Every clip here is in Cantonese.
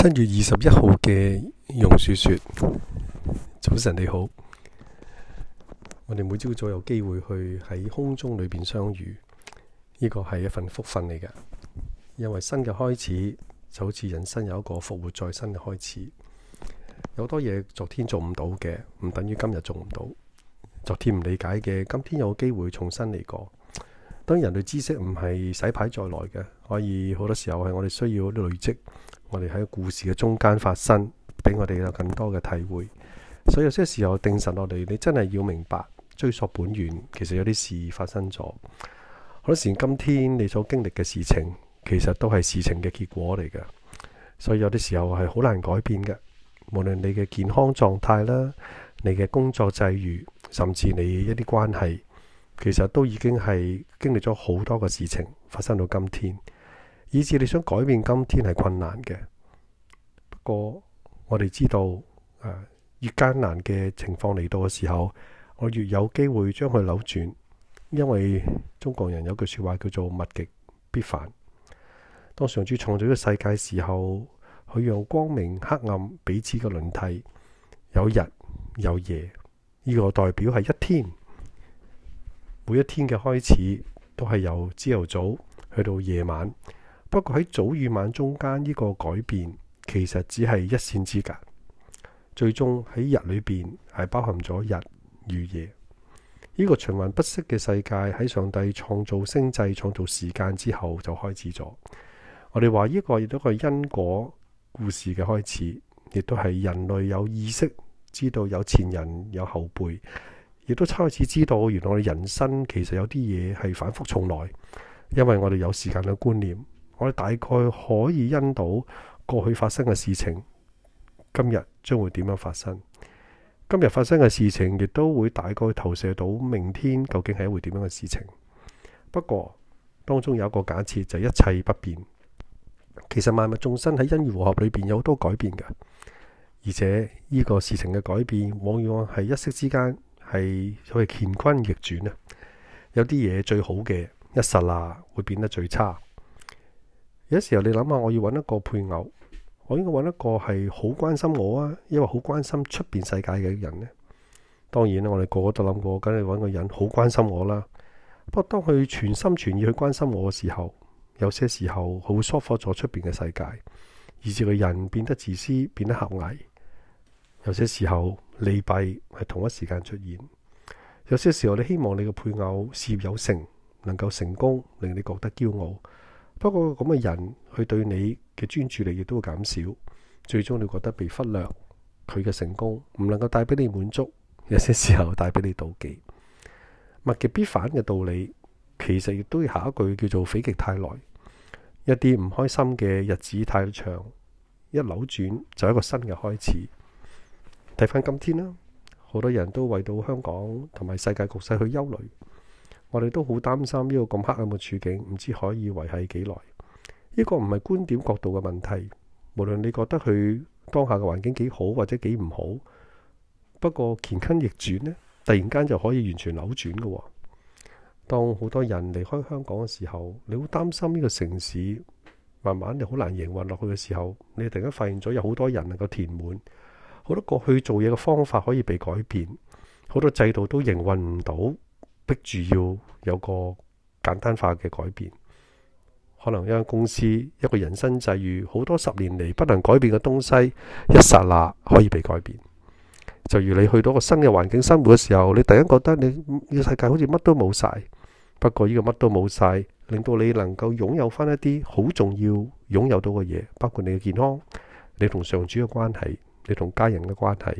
七月二十一號嘅榕樹說：早晨你好，我哋每朝早有機會去喺空中裏邊相遇，呢個係一份福分嚟嘅。因為新嘅開始就好似人生有一個復活再生嘅開始，有好多嘢昨天做唔到嘅，唔等於今日做唔到；昨天唔理解嘅，今天有機會重新嚟過。當然人類知識唔係洗牌再來嘅，可以好多時候係我哋需要累積。我哋喺故事嘅中間發生，俾我哋有更多嘅體會。所以有些時候定神落嚟，你真係要明白追溯本源。其實有啲事發生咗，好多時，今天你所經歷嘅事情，其實都係事情嘅結果嚟嘅。所以有啲時候係好難改變嘅。無論你嘅健康狀態啦，你嘅工作際遇，甚至你一啲關係，其實都已經係經歷咗好多嘅事情發生到今天。以至你想改變今天係困難嘅。不過我哋知道，誒、啊、越艱難嘅情況嚟到嘅時候，我越有機會將佢扭轉。因為中國人有句說話叫做物極必反。當上主創造個世界時候，佢讓光明黑暗彼此嘅輪替，有日有夜。呢、這個代表係一天，每一天嘅開始都係由朝頭早去到夜晚。不過喺早與晚中間呢個改變，其實只係一線之隔。最終喺日裏邊係包含咗日與夜。呢個循環不息嘅世界喺上帝創造星際、創造時間之後就開始咗。我哋話呢個亦都係因果故事嘅開始，亦都係人類有意識知道有前人有後輩，亦都開始知道原來我哋人生其實有啲嘢係反覆重來，因為我哋有時間嘅觀念。我哋大概可以因到過去發生嘅事情，今日將會點樣發生？今日發生嘅事情亦都會大概投射到明天，究竟係一回點樣嘅事情？不過當中有一個假設就一切不變。其實萬物眾生喺因緣和合裏邊有好多改變嘅，而且呢個事情嘅改變往往係一息之間係所謂乾坤逆轉啊！有啲嘢最好嘅一剎那會變得最差。有時候你諗下，我要揾一個配偶，我應該揾一個係好關心我啊，因為好關心出邊世界嘅人咧。當然我哋個個都諗過，梗係揾個人好關心我啦。不過當佢全心全意去關心我嘅時候，有些時候佢會疏忽咗出邊嘅世界，以致個人變得自私、變得狹隘。有些時候利弊係同一時間出現。有些時候你希望你嘅配偶事業有成，能夠成功，令你覺得驕傲。不過咁嘅人，佢對你嘅專注力亦都會減少，最終你覺得被忽略。佢嘅成功唔能夠帶俾你滿足，有些時候帶俾你妒忌。物極必反嘅道理，其實亦都要下一句叫做“否極泰來”。一啲唔開心嘅日子太長，一扭轉就有一個新嘅開始。睇翻今天啦，好多人都為到香港同埋世界局勢去憂慮。我哋都好擔心呢個咁黑暗嘅處境，唔知可以維係幾耐。呢個唔係觀點角度嘅問題，無論你覺得佢當下嘅環境幾好或者幾唔好，不過乾坤逆轉呢，突然間就可以完全扭轉㗎喎。當好多人離開香港嘅時候，你好擔心呢個城市慢慢又好難營運落去嘅時候，你突然間發現咗有好多人能夠填滿，好多過去做嘢嘅方法可以被改變，好多制度都營運唔到。逼住要有個簡單化嘅改變，可能一間公司、一個人生際遇，好多十年嚟不能改變嘅東西，一剎那可以被改變。就如你去到個新嘅環境生活嘅時候，你突然覺得你呢個世界好似乜都冇晒，不過呢個乜都冇晒，令到你能夠擁有翻一啲好重要、擁有到嘅嘢，包括你嘅健康、你同上主嘅關係、你同家人嘅關係，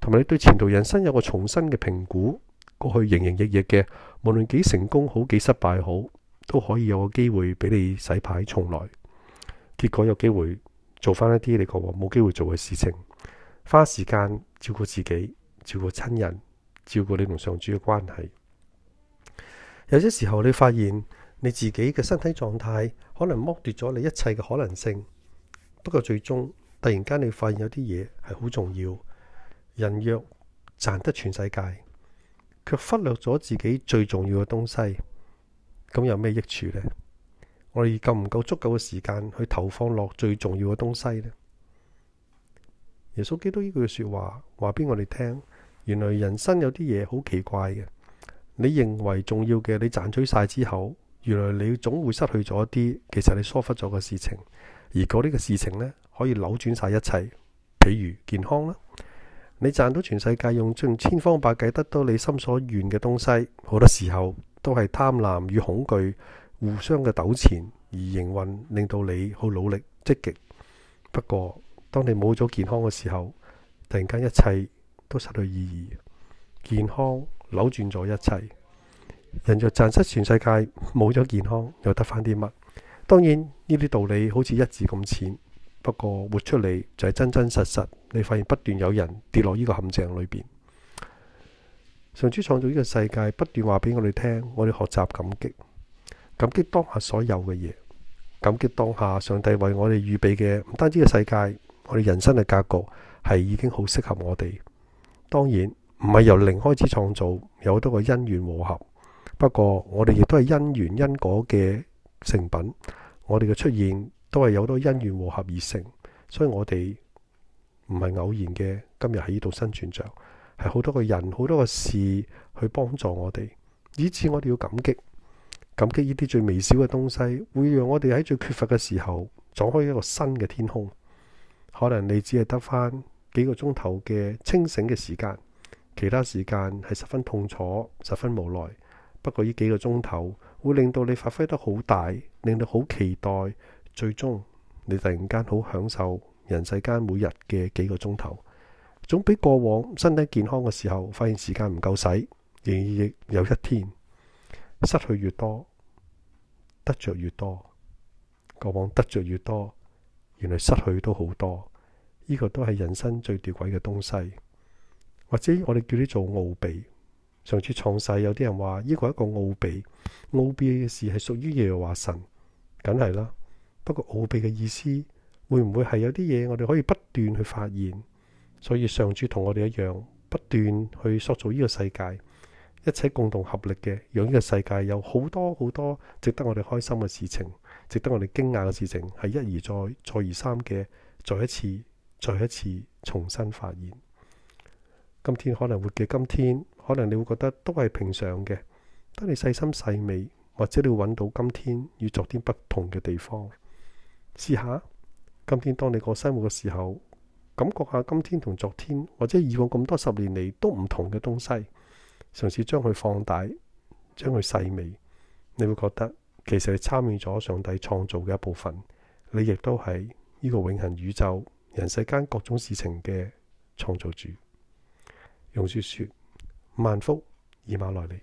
同埋你對前途人生有個重新嘅評估。過去營營役役嘅，無論幾成功好，幾失敗好，都可以有個機會俾你洗牌重來。結果有機會做翻一啲你過往冇機會做嘅事情，花時間照顧自己，照顧親人，照顧你同上主嘅關係。有些時候你發現你自己嘅身體狀態可能剝奪咗你一切嘅可能性。不過最終突然間你發現有啲嘢係好重要。人若賺得全世界。卻忽略咗自己最重要嘅東西，咁有咩益處呢？我哋夠唔夠足夠嘅時間去投放落最重要嘅東西呢？耶穌基督呢句說話話俾我哋聽，原來人生有啲嘢好奇怪嘅。你認為重要嘅，你賺取晒之後，原來你總會失去咗一啲，其實你疏忽咗嘅事情。而嗰啲嘅事情呢，可以扭轉晒一切，譬如健康啦。你賺到全世界，用盡千方百計得到你心所願嘅東西，好多時候都係貪婪與恐懼互相嘅糾纏而營運，令到你好努力積極。不過，當你冇咗健康嘅時候，突然間一切都失去意義。健康扭轉咗一切，人若賺失全世界，冇咗健康又得返啲乜？當然呢啲道理好似一字咁淺，不過活出嚟就係真真實實。你發現不斷有人跌落呢個陷阱裏邊，上主創造呢個世界，不斷話俾我哋聽，我哋學習感激，感激當下所有嘅嘢，感激當下上帝為我哋預備嘅，唔單止個世界，我哋人生嘅格局係已經好適合我哋。當然唔係由零開始創造，有好多個因緣和合。不過我哋亦都係因緣因果嘅成品，我哋嘅出現都係有好多因緣和合而成，所以我哋。唔係偶然嘅，今日喺呢度生存着，係好多個人、好多個事去幫助我哋，以致我哋要感激、感激呢啲最微小嘅東西，會讓我哋喺最缺乏嘅時候撞開一個新嘅天空。可能你只係得翻幾個鐘頭嘅清醒嘅時間，其他時間係十分痛楚、十分無奈。不過呢幾個鐘頭會令到你發揮得好大，令到好期待，最終你突然間好享受。人世間每日嘅幾個鐘頭，總比過往身體健康嘅時候發現時間唔夠使。仍然亦有一天失去越多，得着越多。過往得着越多，原來失去都好多。呢、這個都係人生最吊詭嘅東西，或者我哋叫呢做奧秘。上次創世有啲人話呢、這個係一個奧秘，奧秘嘅事係屬於耶和華神，梗係啦。不過奧秘嘅意思。會唔會係有啲嘢，我哋可以不斷去發現？所以上主同我哋一樣，不斷去塑造呢個世界，一切共同合力嘅，讓呢個世界有好多好多值得我哋開心嘅事情，值得我哋驚訝嘅事情，係一而再，再而三嘅，再一次再一次重新發現。今天可能活嘅，今天可能你會覺得都係平常嘅，當你細心細味，或者你會揾到今天與昨天不同嘅地方，試下。今天當你過生活嘅時候，感覺下今天同昨天或者以往咁多十年嚟，都唔同嘅東西，嘗試將佢放大，將佢細微，你會覺得其實你參與咗上帝創造嘅一部分，你亦都係呢個永恆宇宙人世間各種事情嘅創造主。榕樹說：萬福以馬內利。